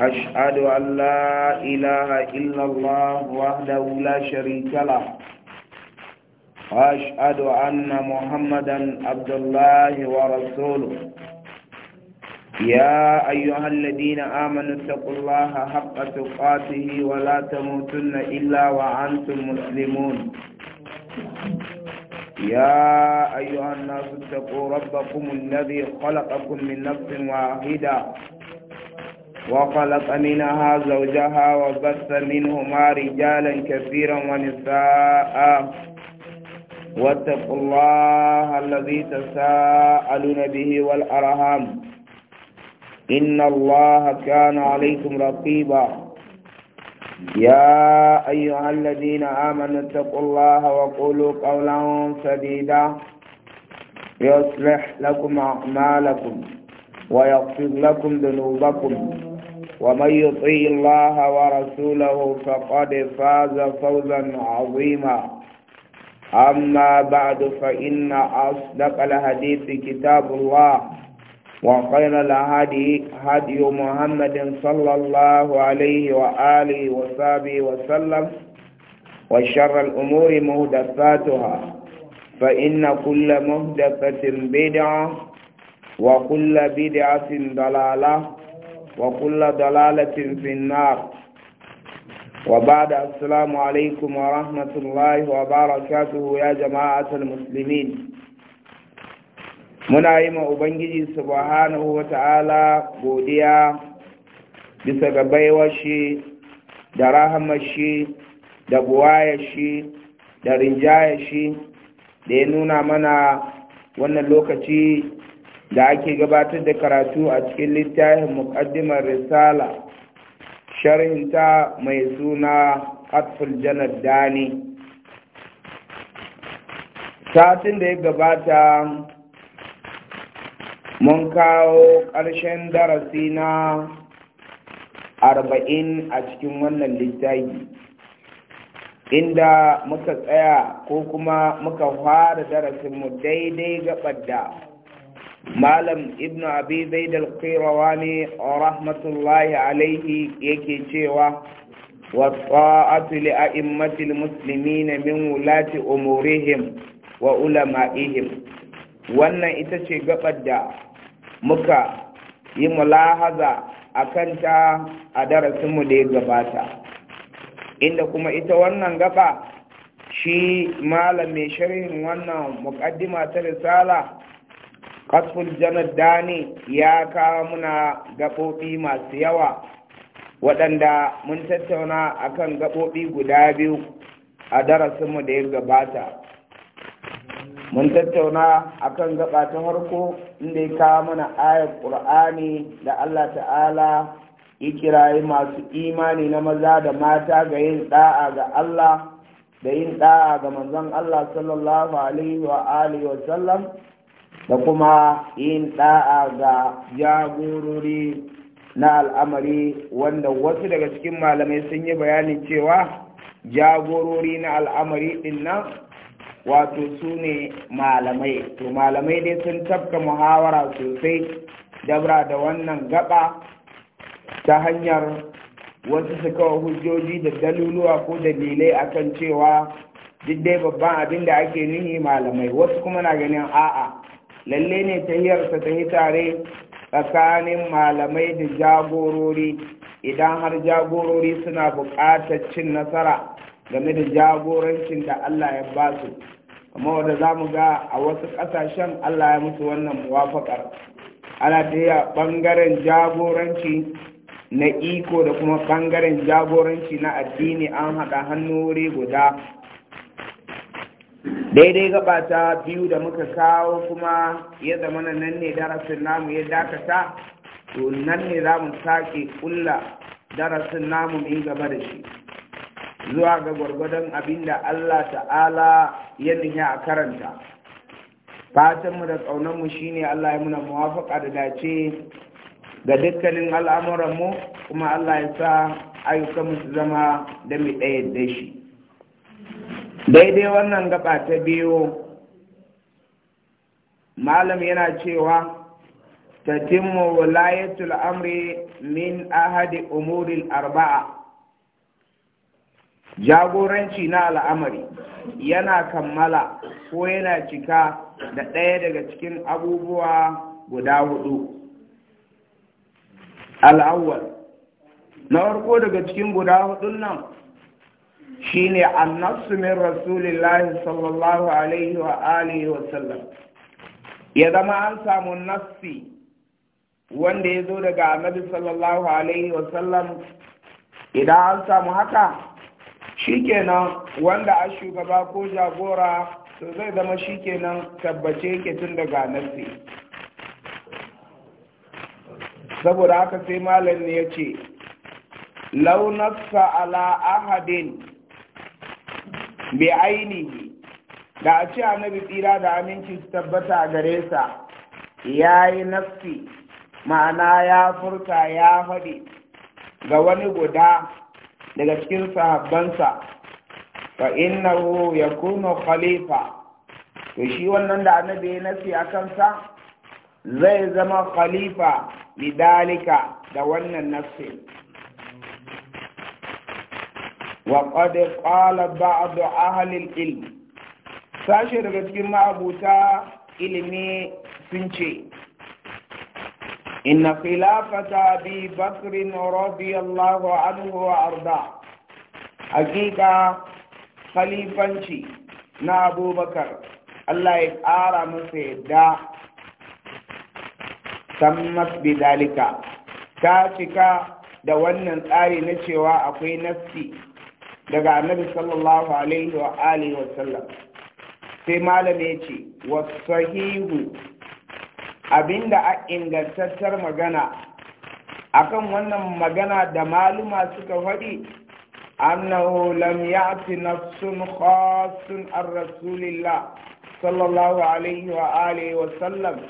أشهد أن لا إله إلا الله وحده لا شريك له وأشهد أن محمدا عبد الله ورسوله يا أيها الذين آمنوا اتقوا الله حق تقاته ولا تموتن إلا وأنتم مسلمون يا أيها الناس اتقوا ربكم الذي خلقكم من نفس واحدة وخلق منها زوجها وبث منهما رجالا كثيرا ونساء واتقوا الله الذي تساءلون به والأرهام إن الله كان عليكم رقيبا يا أيها الذين آمنوا اتقوا الله وقولوا قولا سديدا يصلح لكم أعمالكم ويغفر لكم ذنوبكم ومن يطيع الله ورسوله فقد فاز فوزا عظيما أما بعد فإن أصدق الحديث كتاب الله وخير الهدي هدي محمد صلى الله عليه وآله وصحبه وسلم وشر الأمور مهدفاتها فإن كل مهدفة بدعة وكل بدعة ضلالة wa kula dalalatin finnar wa ba da asalamu alaikum wa rahmatullahi wa barakatuhu ya jama'at al-musulmin muna yi ma ubangiji su buhanehu wa ta'ala godiya bisa ga baiwashi da rahamashi da buwayashi da rinjayashi da ya nuna mana wannan lokaci da ake gabatar da karatu a cikin littafin muƙaddimar risala Sharhin ta mai suna qatful janar dani satin da ya gabata mun kawo ƙarshen darasi na arba'in a cikin wannan littafi inda muka tsaya ko kuma muka fara darasinmu daidai gabar da malam ibnu abi zaid al-qirawani rahmatullahi alaihi yake cewa wa ta'atu li a'immati al-muslimin min wulati umurihim wa ulama'ihim wannan ita ce gabar da muka yi mulahaza akan ta a darasin mu da ya gabata inda kuma ita wannan gaba shi malam mai sharhin wannan muqaddima ta risala kasful janar dani ya kawo muna gaɓoɓi masu yawa waɗanda mun tattauna akan gaɓoɓi guda biyu a mu da ya gabata mun tattauna akan gaba ta harko inda ya kawo mana ayar ƙur'ani da allah ta'ala ya kirayi masu imani na maza da mata ga yin ɗa'a ga allah da yin ɗa'a ga manzon allah sallallahu alaihi wa alihi wa sallam da kuma yin ɗa'a ga jagorori na al'amari wanda wasu daga cikin malamai sun yi bayanin cewa jagorori na al'amari din nan wato su ne malamai to malamai dai sun tafka muhawara sosai dabra da wannan gaba ta hanyar wasu su kawo hujjoji da daluluwa ko dalilai akan cewa duk dai babban abin da ake nuni malamai wasu kuma na ganin a'a lalle ne tahiyarsa ta yi tare tsakanin malamai da jagorori idan har jagorori suna buƙatar cin nasara game da jagorancin da Allah ya ba su amma wanda za mu ga a wasu ƙasashen Allah ya musu wannan muwafaƙar ana tafiya ɓangaren jagoranci na iko da kuma ɓangaren jagoranci na addini an haɗa hannu wuri guda daidai gabata, biyu da muka kawo kuma ya zama nan ne darasin namu ya dakata to nan ne za mu sake kulla darasin namu mai gaba da shi zuwa ga gwargwadon abin da Allah ta'ala ya nihi a karanta fatanmu da shi shine Allah ya muna muwafaka da dace ga dukkanin al'amuranmu kuma Allah ya sa ayyukanmu su zama da mai ɗaya da shi daidai wannan gaba ta biyu malam yana cewa ta timo wulayatul amri min ahadi umurin arba'a jagoranci na al'amari yana kammala ko yana cika da ɗaya daga cikin abubuwa guda hudu al'awwal na farko daga cikin guda hudun nan shine annasu min rasulillah sallallahu alaihi wa alihi wa sallam ya zama an samu nassi wanda ya zo daga annabi sallallahu alaihi wa sallam idan an samu haka shikenan wanda a shugaba ko jagora to zai zama shikenan tabbace yake tun daga nassi saboda haka sai malam ne ya ce launarsa ala ahadin bi ainihi da a ce annabi tsira da aminci su tabbata a gare sa ya yi nafsi ma'ana ya furta ya faɗi ga wani guda daga cikin sahabbansa fa ya yakunu khalifa to shi wannan da annabi ya nafi a kansa zai zama khalifa lidalika da wannan nafsin وقد قال بعض أهل العلم sashe daga cikin ma'abuta ilimi sun ce inna khilafata bi bakrin radiyallahu anhu wa arda hakika khalifanci na abubakar Allah ya ƙara masa yadda sammas bidalika ta cika da wannan tsari na cewa akwai nassi daga annabi sallallahu alaihi wa alihi wa sallam sai malam ya ce wasahihu abinda a ingantattar magana akan wannan magana da maluma suka faɗi annahu lam ya'ti nafsun khassun an rasulillah sallallahu alaihi wa alihi wa sallam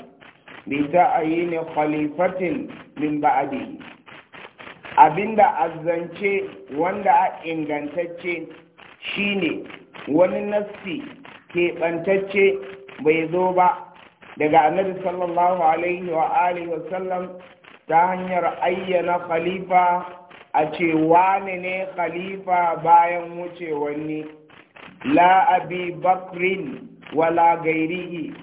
bi ta'ayini khalifatin min ba'dihi abinda azzance wanda a ingantacce shine wani nassi keɓantacce bai zo ba daga annabi sallallahu alaihi wa alihi wa sallam ta hanyar ayyana khalifa a ce wani ne khalifa bayan wuce wani la abi bakrin wala gairihi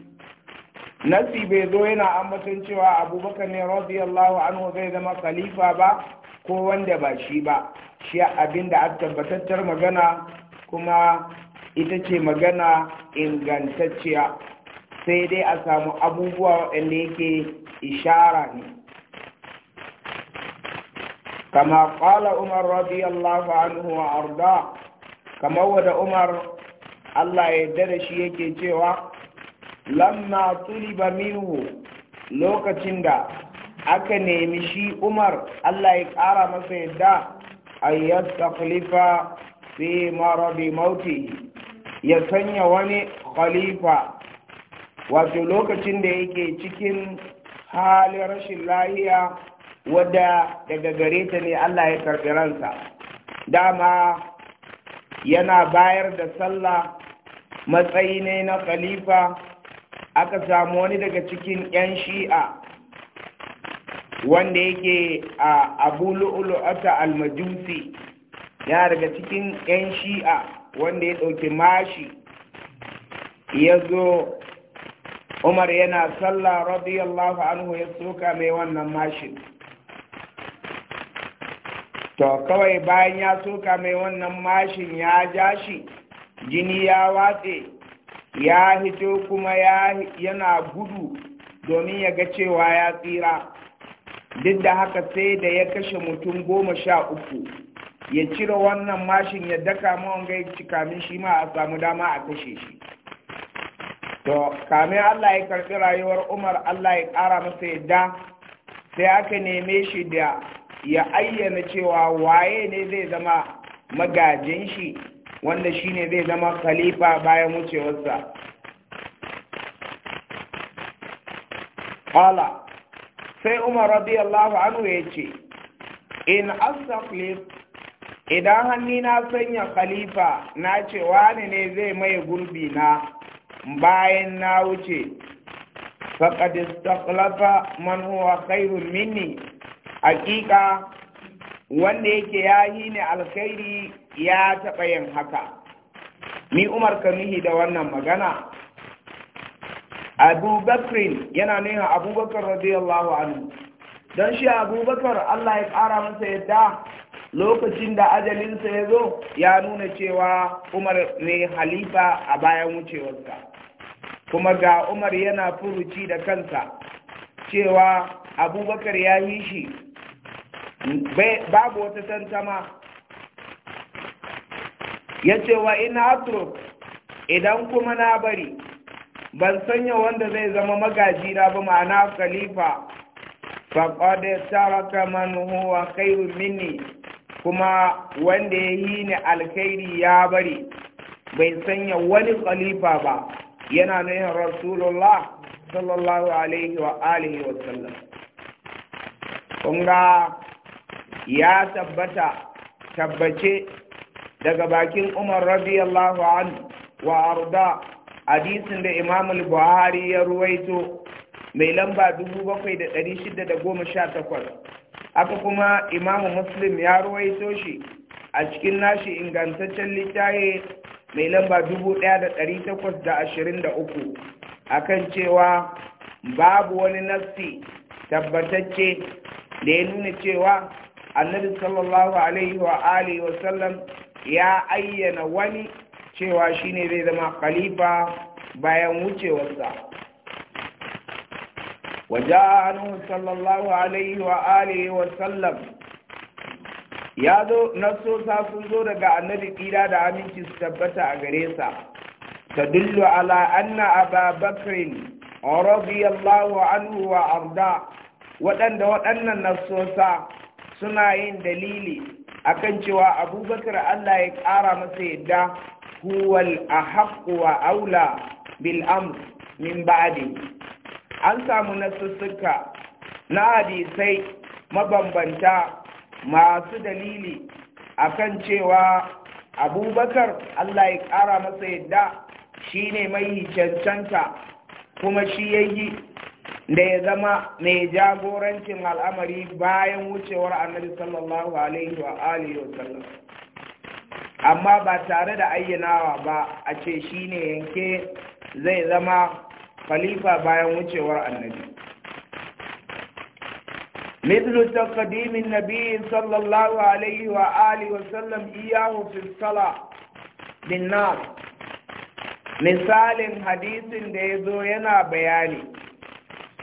nassi bai zo yana ambaton cewa abubakar ne radiyallahu anhu zai zama khalifa ba ko wanda ba shi ba shi abin da aka tabbatattar magana kuma ita ce magana ingantacciya sai dai a samu abubuwa waɗanda yake ishara ne kama ƙwala umar radiyallahu anhu wa arda kama wada umar allah ya da shi yake cewa lamma tuliba minhu lokacin da aka nemi shi umar Allah ya ƙara masa yadda a yadda khalifa fi marabi mauti ya sanya wani khalifa wato lokacin da yake cikin halin rashin lahiya wadda daga gare ta ne Allah ya karɓi ransa dama yana bayar da sallah matsayi ne na khalifa aka samu wani daga cikin 'yan shi'a wanda yake a abu lu'ulu'ata almajusi ya daga cikin 'yan shi'a wanda ya ɗauki mashi ya zo umar yana sallah radiyallahu anhu ya soka mai wannan mashin to kawai bayan ya soka mai wannan mashin ya ja shi jini ya watse ya hito kuma yana gudu domin ya ga cewa ya tsira duk da haka sai da ya kashe mutum goma sha uku ya cire wannan mashin ya daka mawan gai kamin shi ma a samu dama a kashe shi to kamin Allah ya karɓi rayuwar Umar Allah ya ƙara masa yadda sai aka neme shi da ya ayyana cewa waye ne zai zama magajin shi wanda shi ne zai zama khalifa bayan wucewarsa. sai umar radiyallahu anhu ya ce in asaflif idan hannu na sanya khalifa na ce wani ne zai mai gurbi na bayan na wuce faƙadistaklafa manuwa man khairun minni hakika wanda yake yi ne alkhairi ya taɓa yin haka ni umar ka mihi da wannan magana abubakrin yana neha abubakar radiyallahu anhu don shi abubakar Allah ya ƙara masa yadda lokacin da ajalinsa ya zo ya nuna cewa umar ne halifa a bayan wucewarsa kuma ga umar yana furuci da kansa cewa abubakar ya yi shi babu wata tantama ya ce wa ina atruk idan kuma na bari ban sanya wanda zai zama magaji na ba ma'ana khalifa faqad taraka man huwa khairu minni kuma wanda ya yi ni alkhairi ya bari bai sanya wani khalifa ba yana nuna rasulullah sallallahu alaihi wa alihi wa sallam kunga ya tabbata tabbace daga bakin umar radiyallahu anhu wa arda hadisin da Imam al-Buhari ya ruwaito mai lamba 7618 haka kuma Imam Muslim ya ruwaito shi a cikin nashi ingantaccen littaye mai lamba 1823 akan cewa babu wani nassi tabbatacce da ya nuna cewa annabi sallallahu alaihi wa alihi wa ya ayyana wani cewa shine zai zama khalifa bayan wucewarsa waja'anu sallallahu alaihi wa alihi wa sallam ya zo nasosa sun zo daga annabi kira da aminci su tabbata a gare sa Ta tadullu ala anna ababakrin radiyallahu anhu wa arda waɗanda waɗannan nasosa suna yin dalili akan cewa abubakar Allah ya ƙara masa yadda Huwal a ahaq wa aula bil amr min ba'di an samu nasussuka na hadisai mabambanta masu dalili akan cewa abubakar Allah ya ƙara masa yadda shine ne mai cancanta kuma shi ya da ya zama mai jagorancin al'amari bayan wucewar annabi sallallahu alaihi wa alihi wa amma ba tare da ayyanawa ba a ce shi ne yanke zai zama khalifa bayan wucewar annabi مثل تقديم النبي صلى الله عليه وآله وسلم إياه في الصلاة للناس misalin hadisin da ya zo yana bayani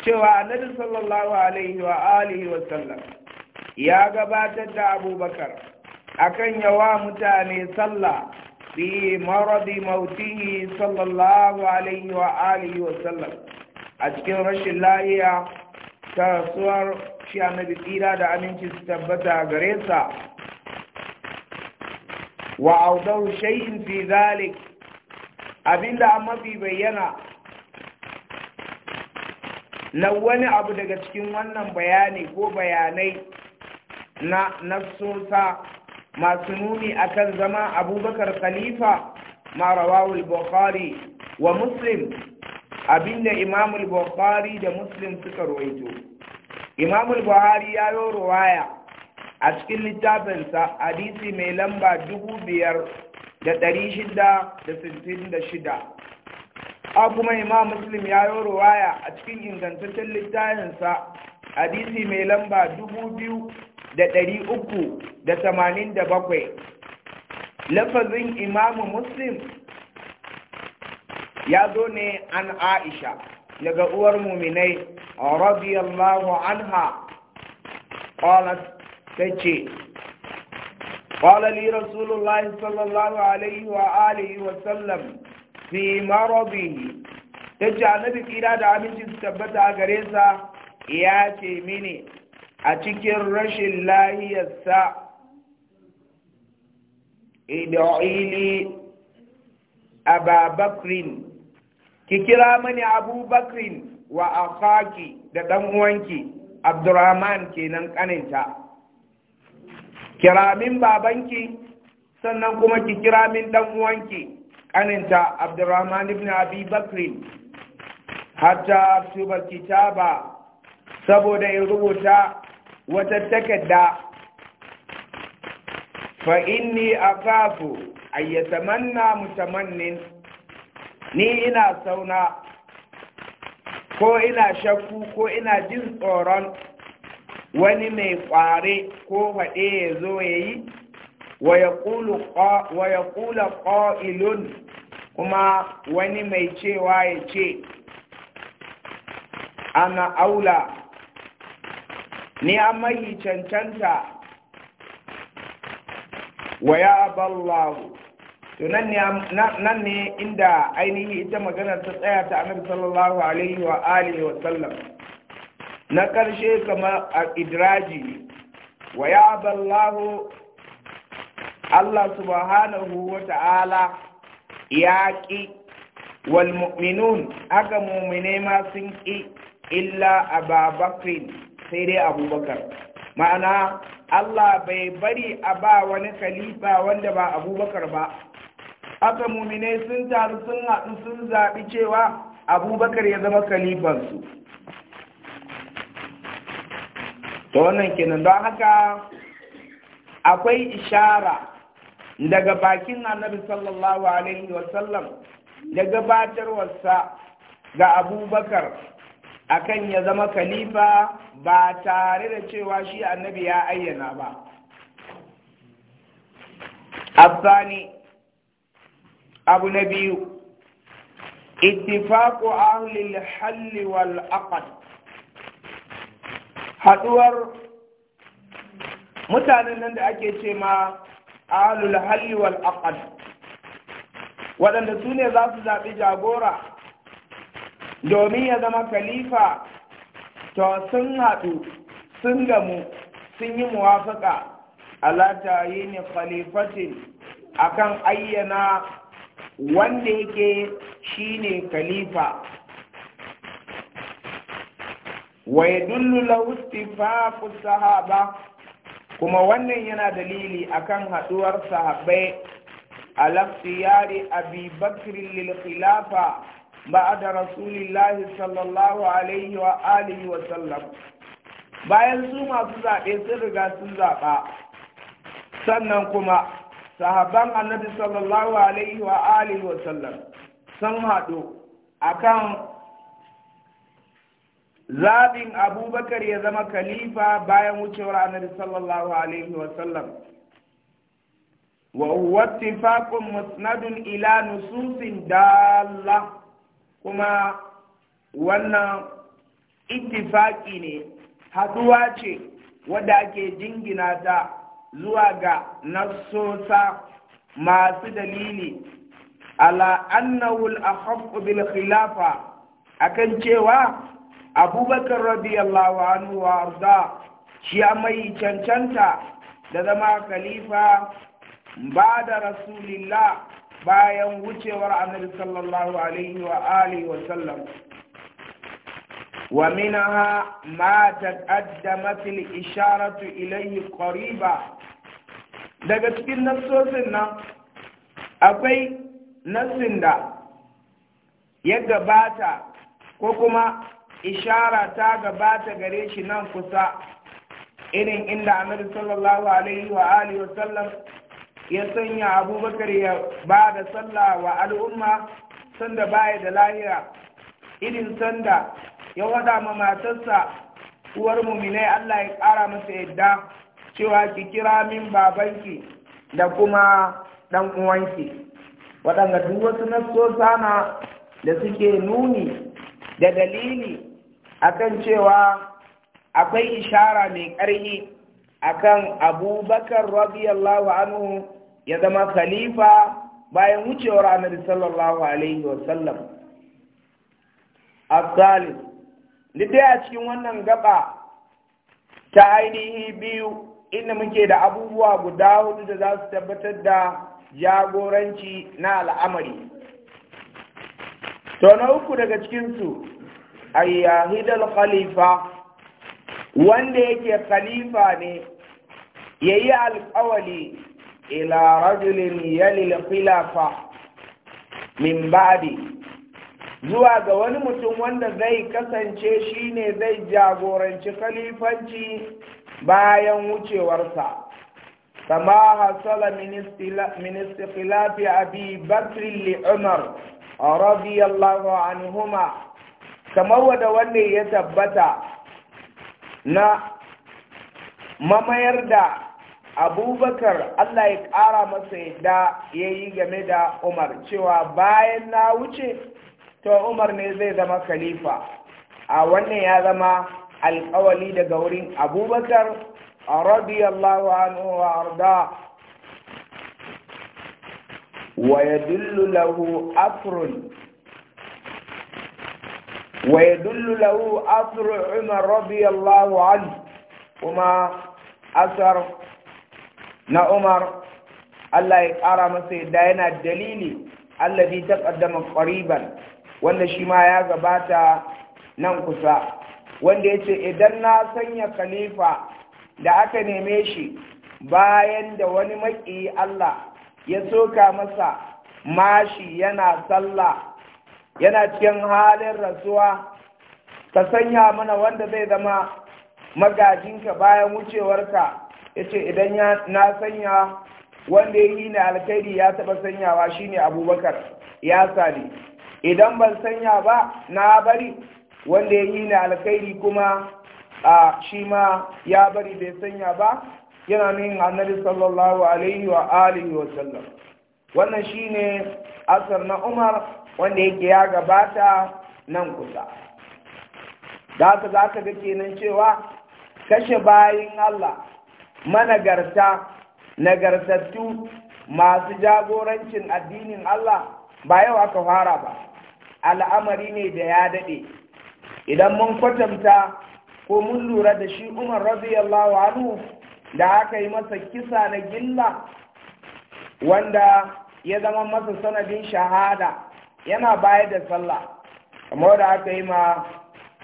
cewa annabi sallallahu alaihi wa alihi wa sallam ya gabatar da abubakar akan yawa mutane sallah fi maradi mautihi sallallahu alaihi wa alihi wa sallam a cikin rashin lahiya ta rasuwar shi annabi tsira da aminci su tabbata gare sa wa audau shay'in fi zalik abinda an mafi bayyana na wani abu daga cikin wannan bayani ko bayanai na nasosa masu nuni akan zama abubakar khalifa ma rawawul bukhari wa muslim abinda imamul bukhari da muslim suka ruwaito imamul buhari ya yi ruwaya a cikin littafinsa hadisi mai lamba dubu biyar da shida da sittin da shida a kuma imam muslim ya yi ruwaya a cikin ingantaccen littafinsa hadisi mai lamba dubu biyu da uku da tamanin da bakwai lafazin imamu muslim ya zo ne an aisha daga uwar muminai radiyallahu anha qalat tace qala li rasulullahi sallallahu alaihi wa alihi wa sallam fi maradihi tace annabi kira da aminci su tabbata a gare sa ya ce mini a cikin rashin lahiyarsa id'i li ababakrin ki kira mani abubakrin wa akhaki da dan uwanki abdurrahman kenan kaninta kira min babanki sannan kuma ki kira min dan uwanki kaninta abdurrahman ibn Hata bakrin hatta tuba kitaba saboda in rubuta wata takarda fa a akhafu ay mutamannin ni ina sauna ko ina shakku ko ina jin tsoron wani mai kware ko faɗe ya zo ya yi wa ya ƙula ƙa'ilun kuma wani mai cewa ya ce ana aula ni an mahi cancanta wa ya ballahu to nan ne nan ne inda ainihi ita maganar ta tsaya ta annabi sallallahu alaihi wa alihi wa sallam na karshe kamar a idraji wa ya ballahu Allah subhanahu wa ta'ala ya ki wal mu'minun haka mu'mine ma sun ƙi illa ababakrin sai dai abubakar ma'ana Allah bai bari a ba wani khalifa wanda ba abubakar ba aka mumine sun taru sun haɗu sun zaɓi cewa abubakar ya zama khalifansu ta wannan kenan don haka akwai ishara daga bakin annabi sallallahu alaihi wasallam da gabatarwarsa ga abubakar akan ya zama khalifa ba tare da cewa shi annabi ya ayyana ba abani abu na biyu ittifaqu ahli al-hall wal aqd haduwar mutanen nan da ake ce ma al hall wal aqd waɗanda su ne za su zaɓi jagora domin ya zama khalifa to sun haɗu sun gamu sun yi muwafaka ala yi ne khalifatin akan ayyana wanda yake shine khalifa wa yadullu lahu istifaqu sahaba kuma wannan yana dalili akan haɗuwar sahabai a lafsiyari abubakar lil khilafa بعد رسول الله صلى الله عليه وآله وسلم bayan su masu zaɓe sun riga sun zaɓa sannan kuma sahaban annabi sallallahu alaihi wa alihi wa sallam sun haɗu a kan. zaɓin abubakar ya zama khalifa bayan wucewar annabi sallallahu alaihi wa sallam wa huwa ittifaqun musnadun ila nususin dalla kuma wannan ittifaki ne haduwa ce wadda ake jingina ta zuwa ga nassosa masu dalili ala annahu al-ahaqqu bil khilafa akan cewa abubakar radiyallahu anhu wa arda shi mai cancanta da zama khalifa ba da rasulillah bayan wucewar annabi sallallahu alaihi wa alihi wa sallam ومنها ما تقدمت الإشارة إليه قريبا daga cikin nassosin nan akwai nassin da ya gabata ko kuma ishara ta gabata gare shi nan kusa irin inda amir sallallahu alaihi wa alihi wa sallam ya sanya abubakar ya ba da sallah wa al'umma sanda baya da lahira irin sanda ya wada ma matarsa uwar muminai Allah ya kara masa yadda cewa ki kira min babanki da kuma dan uwanki waɗanda duk wasu nassosa na da suke nuni da dalili akan cewa akwai ishara mai ƙarfi akan abubakar radiyallahu anhu ya zama khalifa bayan wucewa annabi sallallahu alaihi wasallam afghanis lidai a cikin wannan gaba ta ainihi biyu inda muke da abubuwa guda hudu da za su tabbatar da jagoranci na al'amari to na uku daga cikinsu ayyahidal khalifa wanda yake khalifa ne ya yi alkawali إلى رجل يلي الخلافة من بعدي zuwa ga wani mutum wanda zai kasance shi ne zai jagoranci khalifanci bayan wucewarsa kama hasala min istikhilaf abi bakr li umar radiyallahu anhuma kamar wanda wanda ya tabbata na mamayar da abubakar allah ya ƙara masa yadda ya yi game da umar cewa bayan na wuce to umar ne zai zama khalifa a wannan ya zama alƙawali daga wurin abubakar radiyallahu anhu wa arda wa yadullu lahu afrun wa yadullu lahu afru umar radiyallahu anhu kuma asar na Umar Allah ya ƙara masa yadda yana dalili Allah ta taqaddama ƙwariban wanda shi ma ya gabata nan kusa wanda ya ce idan na sanya khalifa da aka neme shi bayan da wani maƙiyi Allah ya soka masa mashi yana sallah yana cikin halin rasuwa ka sanya mana wanda zai zama magajinka bayan wucewarka yace idan na sanya wanda ya yi na alkhairi ya taɓa sanyawa shine abubakar ya sani idan ban sanya ba na bari wanda ya yi na alkhairi kuma a shi ma ya bari bai sanya ba yana min annabi sallallahu alaihi wa alihi wa sallam wannan shine asar na umar wanda yake ya gabata nan kusa da zata za ka ga kenan cewa kashe bayin allah managarta nagartattu masu jagorancin addinin Allah ba yau aka fara ba al'amari ne da ya daɗe idan mun kwatanta ko mun lura da shi umar radiyallahu anhu da aka yi masa kisa na gilla wanda ya zama masa sanadin shahada yana bayar da sallah kamar da aka yi ma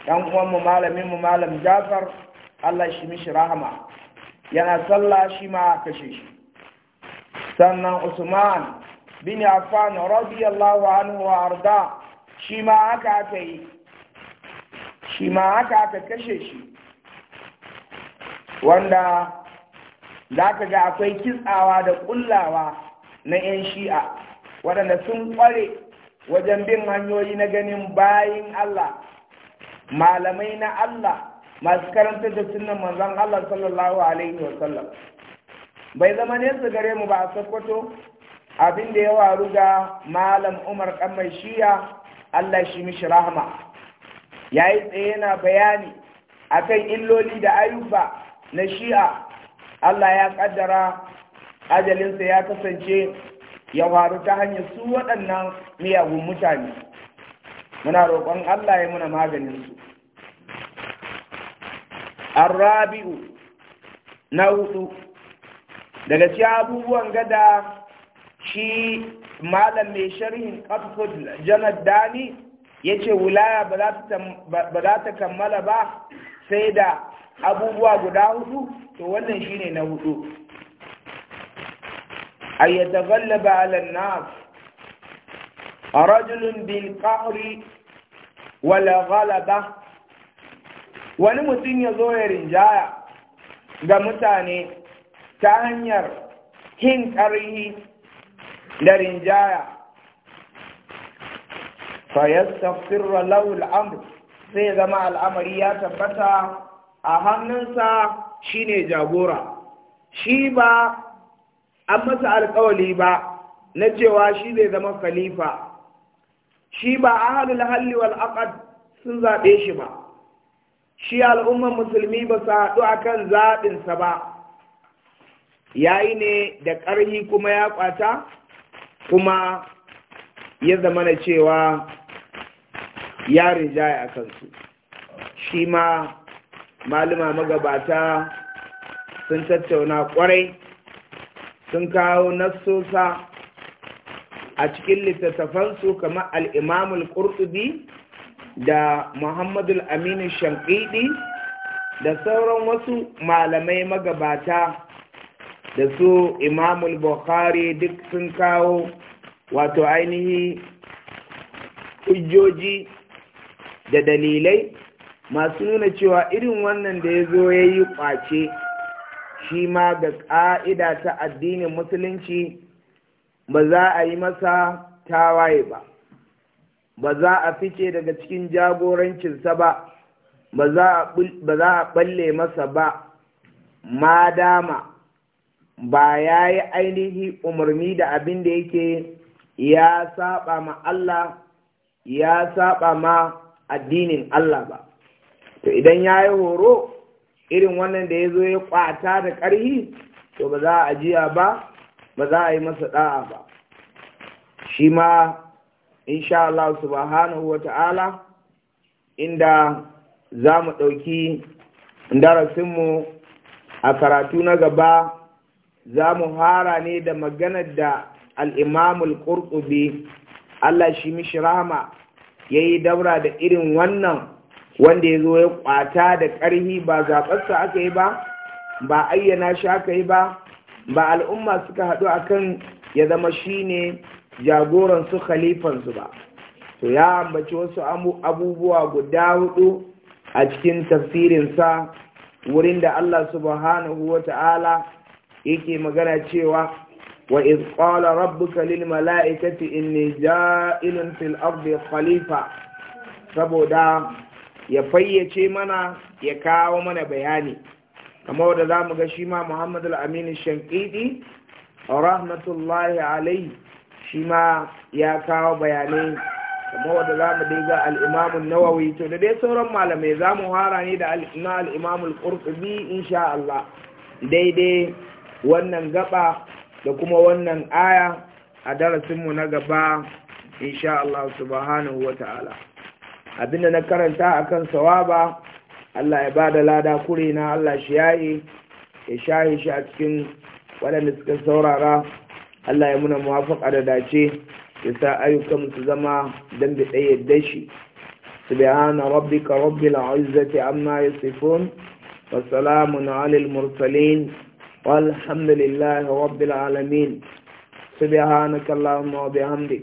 ɗan uwanmu malamin mu malam jafar Allah shi mishi rahama yana sallah shi ma kashe shi sannan usman bin affan radiyallahu anhu wa arda shi ma haka aka yi shi ma haka aka kashe shi wanda za ka ga akwai kitsawa da kullawa na 'yan shi'a waɗanda sun ƙware wajen bin hanyoyi na ganin bayin Allah malamai na Allah masu karantar da sunan manzon Allah sallallahu alaihi wa sallam bai zama nesa gare mu ba a Sokoto abin da ya waru ga malam Umar kan mai shiya Allah shi mishi rahama yayi tsaye yana bayani akan illoli da ayyuka na shi'a Allah ya kaddara ajalinsa ya kasance ya waru ta hanyar su waɗannan miyagun mutane muna roƙon Allah ya muna maganin su arrabi'u na hudu daga cikin abubuwan gada shi malam mai sharhin kafin janar dani ya ce wulaya ba za ta kammala ba sai da abubuwa guda hudu to wannan shi ne na hudu ayyata ba alan nas rajulun bin qahri wala ghalaba wani mutum ya zo ya rinjaya ga mutane ta hanyar hin ƙarhi da rinjaya fayastafirra laul amr sai zama al'amari ya tabbata a hannunsa shine jagora shi ba an masa alkawali ba na cewa shi zai zama khalifa shi ba a halli wal aqd sun zaɓe shi ba shi al'ummar musulmi ba su haɗu a kan zaɓinsa ba ya yi ne da ƙarhi kuma ya ƙwata kuma ya zama na cewa ya rinjaya a kansu shi ma malama magabata sun tattauna ƙwarai sun kawo nassosa a cikin littattafansu kamar al'imamul ƙurtubi da muhammadul aminu shankidi da sauran wasu malamai magabata da su imamul bukhari duk sun kawo wato ainihi hujjoji da dalilai masu nuna cewa irin wannan da ya zo ya yi ƙwace shi ma ga ƙa'ida ta addinin musulunci ba za a yi masa tawaye ba ba za a fice daga cikin jagorancinsa ba ba za a balle masa ba ma dama ba ya yi ainihi umarni da abin da yake ya saba ma Allah ya saba ma addinin Allah ba to idan ya yi horo irin wannan da ya zo ya kwata da ƙarhi to ba za a ajiya ba ba za a yi masa da'a ba shi ma insha Allah subhanahu wa ta'ala inda za mu ɗauki darasinmu a karatu na gaba za mu hara ne da maganar da al'imamul ƙurƙubi Allah shi mishi rahama ya yi daura da irin wannan wanda ya zo ya ƙwata da ƙarhi ba zaɓarsa aka yi ba ba ayyana shi aka yi ba ba al'umma suka haɗu a kan ya zama shi ne jagoransu khalifansu ba to ya ambaci wasu abubuwa guda hudu a cikin tafsirinsa wurin da Allah subhanahu wa ta'ala yake magana cewa wa iz qala rabbuka lil mala'ikati inni ja'ilun fil ardi khalifa saboda ya fayyace mana ya kawo mana bayani kamar da zamu ga shi ma Muhammad al-Amin Shankidi rahmatullahi alayhi shi ma ya kawo bayanai kamar wadda za mu daiga al'imamun nawawi to da dai sauran malamai za mu hara ne da na al'imamun ƙurƙubi insha Allah daidai wannan gaba da kuma wannan aya a darasinmu na gaba insha Allah subhanahu wa ta'ala abinda na karanta a akan sawaba Allah ya ba da lada kure na Allah shi yayi ya sha shi a cikin waɗanda suka saurara Allah ya muna muwafaka da dace ya sa ayyukan su zama dan bi ɗaya da shi subhana rabbika rabbil izzati amma yasifun wa salamun alal mursalin walhamdulillahi rabbil alamin subhanaka allahumma wa bihamdik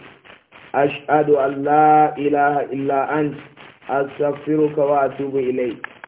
ashhadu an la ilaha illa anta astaghfiruka wa atubu ilayk